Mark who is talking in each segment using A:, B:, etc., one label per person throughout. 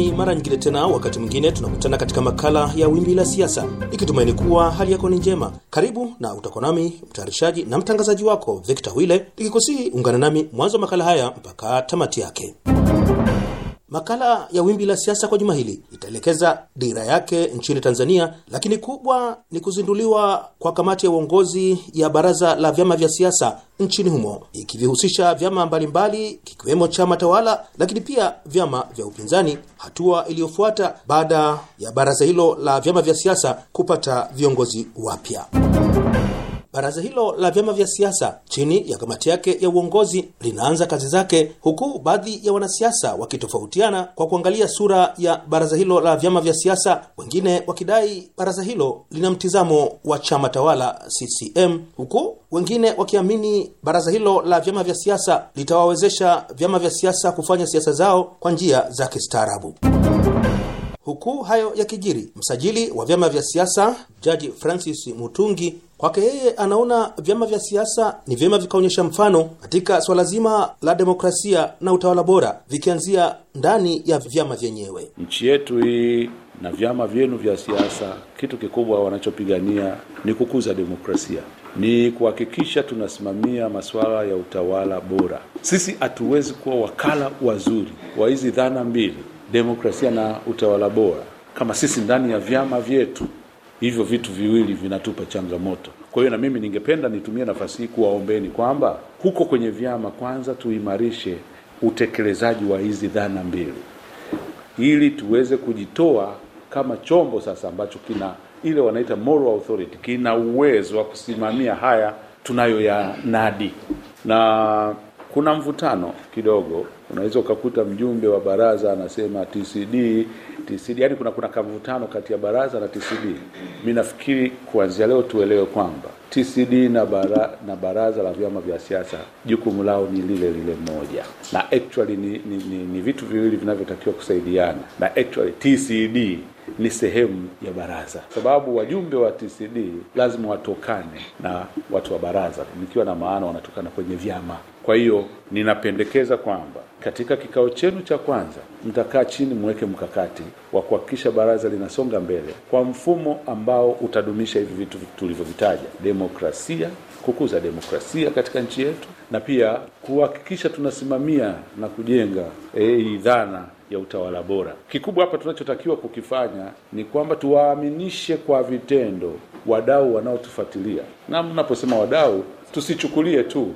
A: ni mara nyingine tena, wakati mwingine tunakutana katika makala ya Wimbi la Siasa, nikitumaini kuwa hali yako ni njema. Karibu na utakuwa nami mtayarishaji na mtangazaji wako Victor Wile, nikikusihi ungana nami mwanzo wa makala haya mpaka tamati yake. Makala ya Wimbi la Siasa kwa juma hili itaelekeza dira yake nchini Tanzania, lakini kubwa ni kuzinduliwa kwa kamati ya uongozi ya Baraza la Vyama vya Siasa nchini humo ikivihusisha vyama mbalimbali kikiwemo chama tawala, lakini pia vyama vya upinzani, hatua iliyofuata baada ya baraza hilo la vyama vya siasa kupata viongozi wapya. Baraza hilo la vyama vya siasa chini ya kamati yake ya uongozi linaanza kazi zake, huku baadhi ya wanasiasa wakitofautiana kwa kuangalia sura ya baraza hilo la vyama vya siasa, wengine wakidai baraza hilo lina mtizamo wa chama tawala CCM, huku wengine wakiamini baraza hilo la vyama vya siasa litawawezesha vyama vya siasa kufanya siasa zao kwa njia za kistaarabu. Huku hayo yakijiri, msajili wa vyama vya siasa Jaji Francis Mutungi Kwake yeye anaona vyama vya siasa ni vyema vikaonyesha mfano katika swala zima la demokrasia na utawala bora, vikianzia ndani ya vyama vyenyewe.
B: Nchi yetu hii na vyama vyenu vya siasa, kitu kikubwa wanachopigania ni kukuza demokrasia, ni kuhakikisha tunasimamia masuala ya utawala bora. Sisi hatuwezi kuwa wakala wazuri wa hizi dhana mbili, demokrasia na utawala bora, kama sisi ndani ya vyama vyetu Hivyo vitu viwili vinatupa changamoto. Kwa hiyo na mimi ningependa nitumie nafasi hii kuwaombeni kwamba huko kwenye vyama, kwanza tuimarishe utekelezaji wa hizi dhana mbili, ili tuweze kujitoa kama chombo sasa ambacho kina ile wanaita moral authority, kina uwezo wa kusimamia haya tunayoyanadi. Na kuna mvutano kidogo, unaweza ukakuta mjumbe wa baraza anasema TCD TCD, yani kuna, kuna kavutano kati ya baraza na TCD. Mimi nafikiri kuanzia leo tuelewe kwamba TCD na, bara, na baraza la vyama vya siasa jukumu lao ni lile lile moja, na actually ni, ni, ni, ni vitu viwili vinavyotakiwa kusaidiana, na actually TCD ni sehemu ya baraza, sababu wajumbe wa TCD lazima watokane na watu wa baraza, nikiwa na maana wanatokana kwenye vyama. Kwa hiyo ninapendekeza kwamba katika kikao chenu cha kwanza, mtakaa chini, mweke mkakati wa kuhakikisha baraza linasonga mbele kwa mfumo ambao utadumisha hivi vitu tulivyovitaja: demokrasia, kukuza demokrasia katika nchi yetu, na pia kuhakikisha tunasimamia na kujenga hii eh, dhana ya utawala bora. Kikubwa hapa tunachotakiwa kukifanya ni kwamba tuwaaminishe kwa vitendo wadau wanaotufuatilia, na mnaposema wadau, tusichukulie tu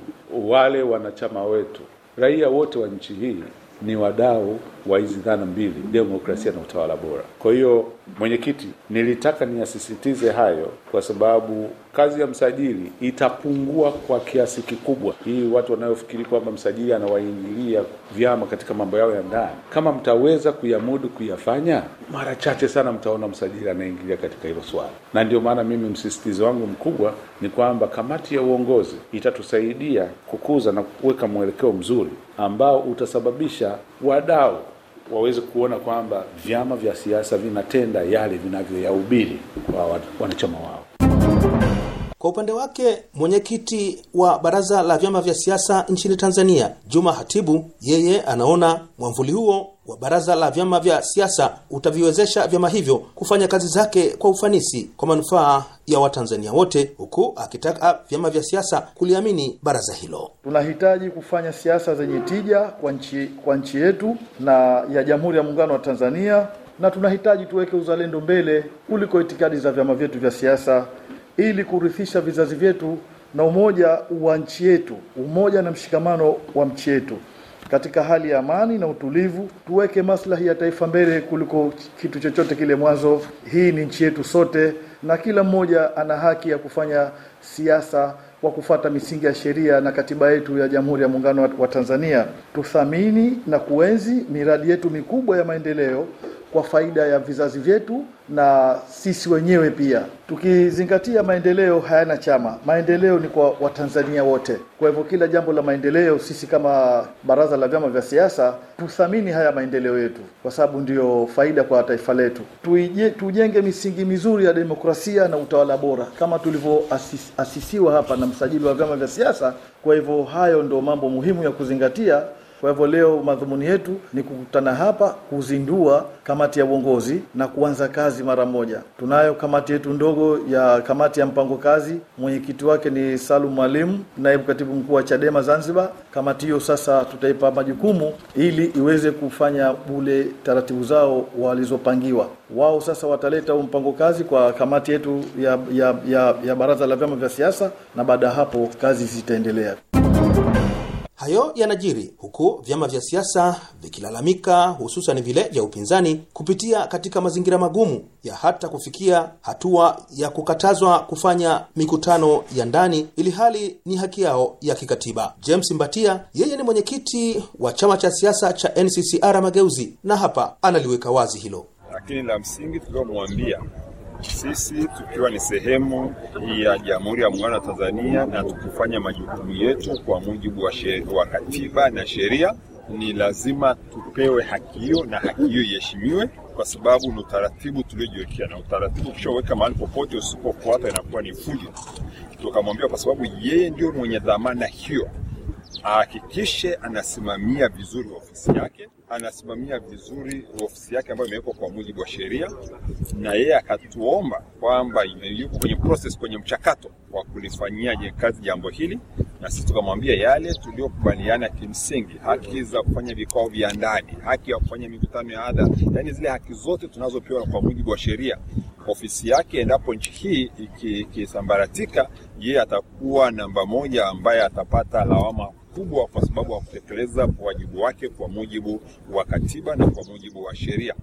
B: wale wanachama wetu raia wote wa nchi hii ni wadau wa hizi dhana mbili, demokrasia na utawala bora. Kwa hiyo, mwenyekiti, nilitaka niyasisitize hayo kwa sababu kazi ya msajili itapungua kwa kiasi kikubwa. Hii watu wanayofikiri kwamba msajili anawaingilia vyama katika mambo yao ya ndani, kama mtaweza kuyamudu kuyafanya, mara chache sana mtaona msajili anaingilia katika hilo swala, na ndio maana mimi msisitizo wangu mkubwa ni kwamba kamati ya uongozi itatusaidia kukuza na kuweka mwelekeo mzuri ambao utasababisha wadau waweze kuona kwamba vyama vya siasa vinatenda yale vinavyoyahubiri kwa wanachama wao.
A: Kwa upande wake mwenyekiti wa baraza la vyama vya siasa nchini Tanzania, Juma Hatibu, yeye anaona mwamvuli huo wa baraza la vyama vya siasa utaviwezesha vyama hivyo kufanya kazi zake kwa ufanisi kwa manufaa
C: ya Watanzania wote, huku
A: akitaka vyama vya siasa kuliamini baraza hilo.
C: Tunahitaji kufanya siasa zenye tija kwa nchi, kwa nchi yetu na ya Jamhuri ya Muungano wa Tanzania, na tunahitaji tuweke uzalendo mbele kuliko itikadi za vyama vyetu vya siasa ili kurithisha vizazi vyetu na umoja wa nchi yetu, umoja na mshikamano wa nchi yetu katika hali ya amani na utulivu, tuweke maslahi ya taifa mbele kuliko kitu chochote kile mwanzo. Hii ni nchi yetu sote, na kila mmoja ana haki ya kufanya siasa kwa kufata misingi ya sheria na katiba yetu ya Jamhuri ya Muungano wa Tanzania. Tuthamini na kuenzi miradi yetu mikubwa ya maendeleo kwa faida ya vizazi vyetu na sisi wenyewe pia, tukizingatia maendeleo hayana chama. Maendeleo ni kwa Watanzania wote. Kwa hivyo kila jambo la maendeleo, sisi kama baraza la vyama vya siasa tuthamini haya maendeleo yetu, kwa sababu ndiyo faida kwa taifa letu. tujenge misingi mizuri ya demokrasia na utawala bora kama tulivyoasisiwa hapa na msajili wa vyama vya siasa. Kwa hivyo hayo ndo mambo muhimu ya kuzingatia. Kwa hivyo leo madhumuni yetu ni kukutana hapa kuzindua kamati ya uongozi na kuanza kazi mara moja. Tunayo kamati yetu ndogo ya kamati ya mpango kazi, mwenyekiti wake ni Salum Mwalimu, naibu katibu mkuu wa Chadema Zanzibar. Kamati hiyo sasa tutaipa majukumu ili iweze kufanya bule taratibu zao walizopangiwa wao. Sasa wataleta huu mpango kazi kwa kamati yetu ya, ya, ya, ya baraza la vyama vya siasa, na baada ya hapo kazi zitaendelea.
A: Hayo yanajiri huku vyama vya siasa vikilalamika, hususan vile vya upinzani, kupitia katika mazingira magumu ya hata kufikia hatua ya kukatazwa kufanya mikutano ya ndani, ili hali ni haki yao ya kikatiba. James Mbatia yeye ni mwenyekiti wa chama cha siasa cha NCCR Mageuzi, na hapa analiweka
D: wazi hilo. Lakini la msingi tuliomwambia sisi tukiwa ni sehemu ya Jamhuri ya Muungano wa Tanzania na tukifanya majukumu yetu kwa mujibu wa, wa katiba na sheria, ni lazima tupewe haki hiyo na haki hiyo iheshimiwe, kwa sababu ni utaratibu tuliojiwekea, na utaratibu ukishaweka mahali popote usipofuata inakuwa ni fujo. Tukamwambia kwa sababu yeye ndio mwenye dhamana hiyo ahakikishe anasimamia vizuri ofisi yake, anasimamia vizuri ofisi yake ambayo imewekwa kwa mujibu wa sheria, na yeye akatuomba kwamba yuko kwenye process, kwenye mchakato wa kulifanyia kazi jambo hili na sisi tukamwambia yale tuliyokubaliana, kimsingi haki za kufanya vikao vya ndani, haki ya kufanya mikutano ya hadhara, yani zile haki zote tunazopewa kwa mujibu wa sheria. Ofisi yake endapo nchi hii ikisambaratika, iki yeye atakuwa namba moja ambaye atapata lawama kubwa kwa sababu ya kutekeleza wajibu wake kwa mujibu wa katiba na kwa mujibu wa sheria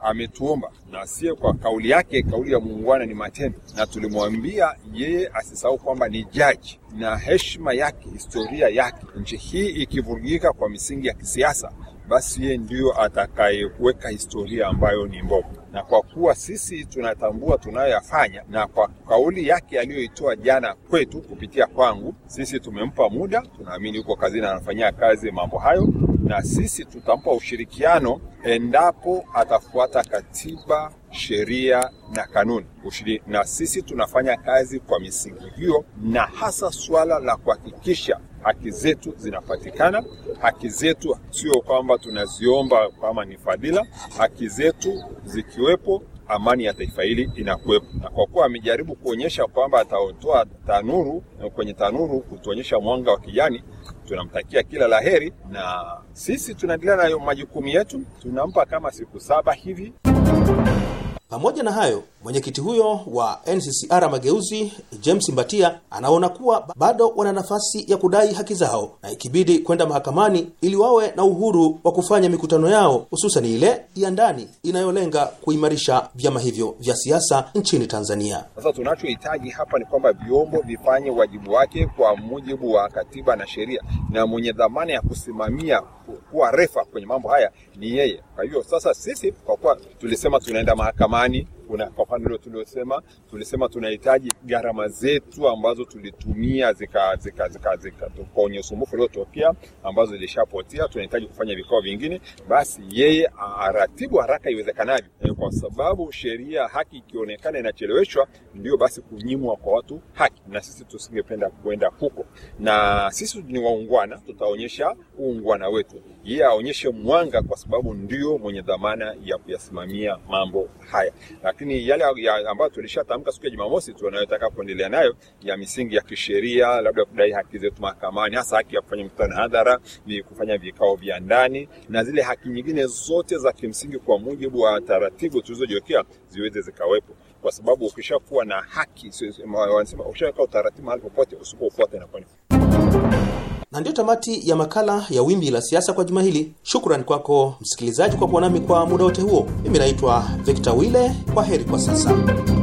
D: ametuomba, na sio kwa kauli yake. Kauli ya muungwana ni matendo, na tulimwambia yeye asisahau kwamba ni jaji na heshima yake, historia yake. Nchi hii ikivurugika kwa misingi ya kisiasa, basi yeye ndiyo atakayeweka historia ambayo ni mbovu na kwa kuwa sisi tunatambua tunayoyafanya, na kwa kauli yake aliyoitoa jana kwetu kupitia kwangu, sisi tumempa muda, tunaamini yuko kazini anafanyia kazi mambo hayo na sisi tutampa ushirikiano endapo atafuata katiba, sheria na kanuni ushiri. Na sisi tunafanya kazi kwa misingi hiyo, na hasa suala la kuhakikisha haki zetu zinapatikana. Haki zetu sio kwamba tunaziomba kama ni fadhila, haki zetu zikiwepo amani ya taifa hili inakuwepo. Na kwa kuwa amejaribu kuonyesha kwamba ataotoa tanuru kwenye tanuru kutuonyesha mwanga wa kijani, tunamtakia kila laheri, na sisi tunaendelea na majukumu yetu, tunampa kama siku saba hivi.
A: Pamoja na hayo Mwenyekiti huyo wa NCCR Mageuzi, James Mbatia, anaona kuwa bado wana nafasi ya kudai haki zao na ikibidi kwenda mahakamani ili wawe na uhuru wa kufanya mikutano yao, hususan ile ya ndani inayolenga kuimarisha vyama hivyo vya siasa nchini Tanzania.
D: Sasa tunachohitaji hapa ni kwamba vyombo vifanye wajibu wake kwa mujibu wa katiba na sheria, na mwenye dhamana ya kusimamia kuwa refa kwenye mambo haya ni yeye. Kwa hiyo sasa sisi, kwa kuwa tulisema tunaenda mahakamani kuna, kwa pande hilo tuliosema, tulisema tunahitaji gharama zetu ambazo tulitumia zika zika zika zika kwenye usumbufu uliotokea ambazo zilishapotea, tunahitaji kufanya vikao vingine, basi yeye aratibu haraka iwezekanavyo, eh, kwa sababu sheria haki ikionekana inacheleweshwa, ndio basi kunyimwa kwa watu haki, na sisi tusingependa kwenda huko, na sisi ni waungwana, tutaonyesha uungwana wetu, yeye aonyeshe mwanga, kwa sababu ndio mwenye dhamana ya kuyasimamia mambo haya lakini yale ambayo tulishatamka siku ya Jumamosi tu anayotaka kuendelea nayo ya misingi ya kisheria, labda kudai haki zetu mahakamani, hasa haki ya kufanya mkutano hadhara, ni kufanya vikao vya ndani na zile haki nyingine zote za kimsingi kwa mujibu wa taratibu tulizojiwekea ziweze zikawepo kwa sababu ukishakuwa na haki wanasema, ukishaweka utaratibu mahali popote usipofuata inakuwa
A: na ndiyo tamati ya makala ya Wimbi la Siasa kwa juma hili. Shukrani kwako msikilizaji kwa kuwa nami kwa muda wote huo. Mimi naitwa Victor Wile. Kwa heri kwa sasa.